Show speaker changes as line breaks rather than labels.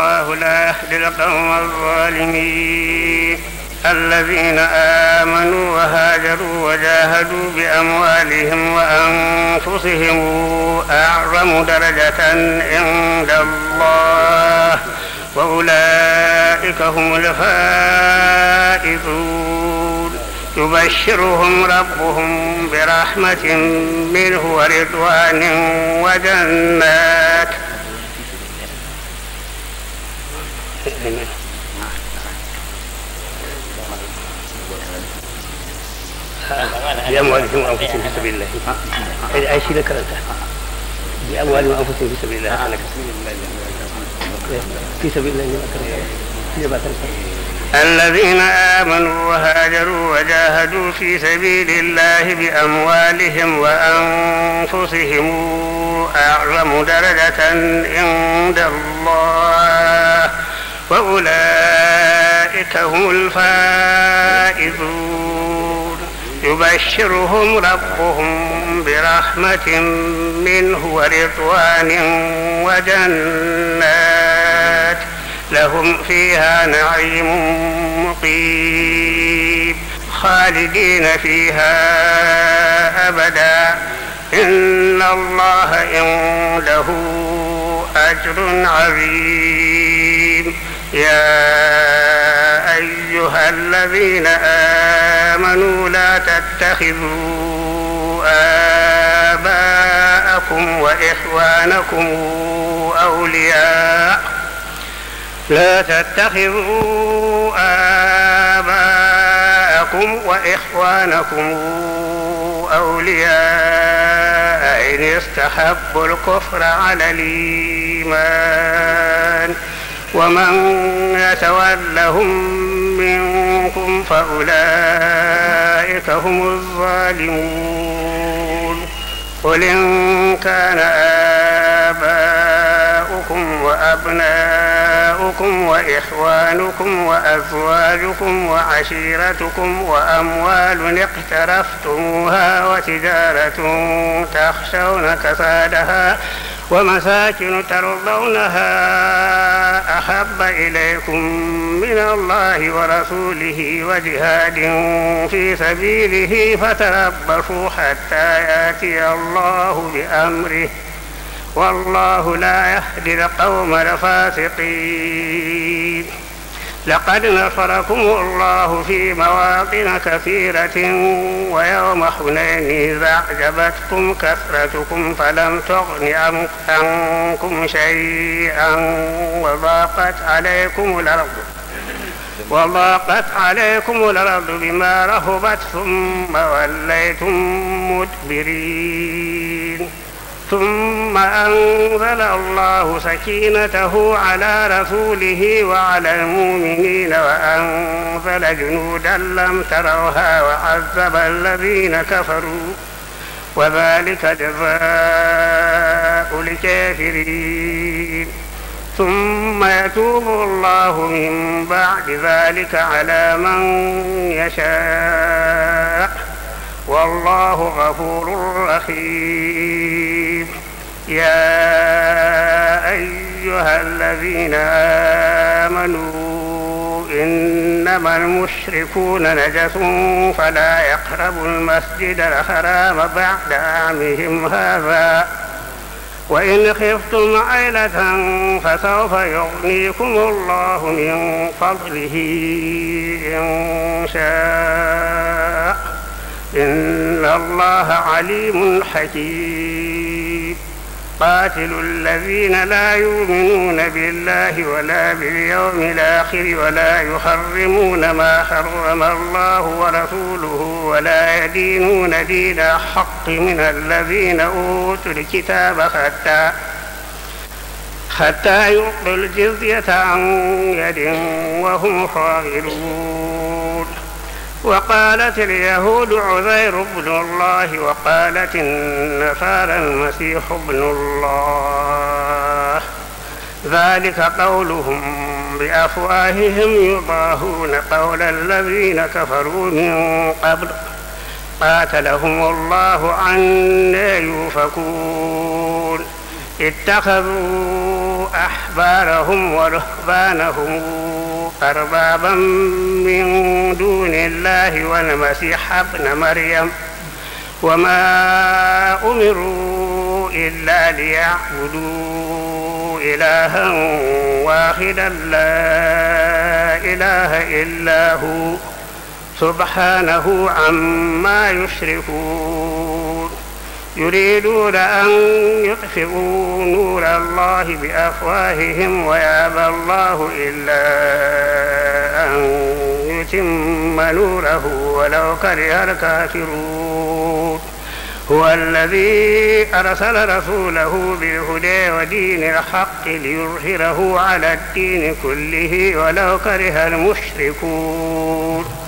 الله لا يهدي القوم الظالمين الذين آمنوا وهاجروا وجاهدوا بأموالهم وأنفسهم أعظم درجة عند الله وأولئك هم الفائزون يبشرهم ربهم برحمة منه ورضوان وجنات كمل بأموالهم وأنفسهم في سبيل الله أي شيء ذكرته بأموالهم وأنفسهم في سبيل الله في سبيل الله الذين آمنوا وهاجروا وجاهدوا في سبيل الله بأموالهم وأنفسهم أعظم درجة عند الله وأولئك هم الفائزون يبشرهم ربهم برحمة منه ورضوان وجنات لهم فيها نعيم مقيم خالدين فيها أبدا إن الله عنده أجر عظيم يا أيها الذين آمنوا لا تتخذوا آباءكم وإخوانكم أولياء لا تتخذوا آباءكم وإخوانكم أولياء إن استحبوا الكفر على الإيمان ومن يتولهم منكم فأولئك هم الظالمون قل إن كان آباؤكم وأبناؤكم وإخوانكم وأزواجكم وعشيرتكم وأموال اقترفتموها وتجارة تخشون كسادها ومساكن ترضونها أحب إليكم من الله ورسوله وجهاد في سبيله فتربصوا حتى يأتي الله بأمره والله لا يهدي القوم الفاسقين لقد نصركم الله في مواطن كثيرة ويوم حنين إذا أعجبتكم كثرتكم فلم تغن عنكم شيئا وضاقت عليكم الأرض وضاقت عليكم الأرض بما رهبت ثم وليتم مدبرين ثم أنزل الله سكينته على رسوله وعلى المؤمنين وأنزل جنودا لم تروها وعذب الذين كفروا وذلك جزاء الكافرين ثم يتوب الله من بعد ذلك على من يشاء والله غفور رحيم يا أيها الذين آمنوا إنما المشركون نجس فلا يقربوا المسجد الحرام بعد عامهم هذا وإن خفتم عيلة فسوف يغنيكم الله من فضله إن شاء إن الله عليم حكيم قاتلوا الذين لا يؤمنون بالله ولا باليوم الآخر ولا يحرمون ما حرم الله ورسوله ولا يدينون دين الحق من الذين أوتوا الكتاب حتى حتى يعطوا الجزية عن يد وهم صاغرون وقالت اليهود عزير بن الله وقالت النصارى المسيح ابن الله ذلك قولهم بأفواههم يضاهون قول الذين كفروا من قبل قاتلهم الله عنا يوفكون اتخذوا أحبارهم ورهبانهم أربابا من دون الله والمسيح ابن مريم وما أمروا إلا ليعبدوا إلها واحدا لا إله إلا هو سبحانه عما يشركون يريدون أن يطفئوا نور الله بأفواههم ويأبى الله إلا أن يتم نوره ولو كره الكافرون هو الذي أرسل رسوله بالهدى ودين الحق ليظهره على الدين كله ولو كره المشركون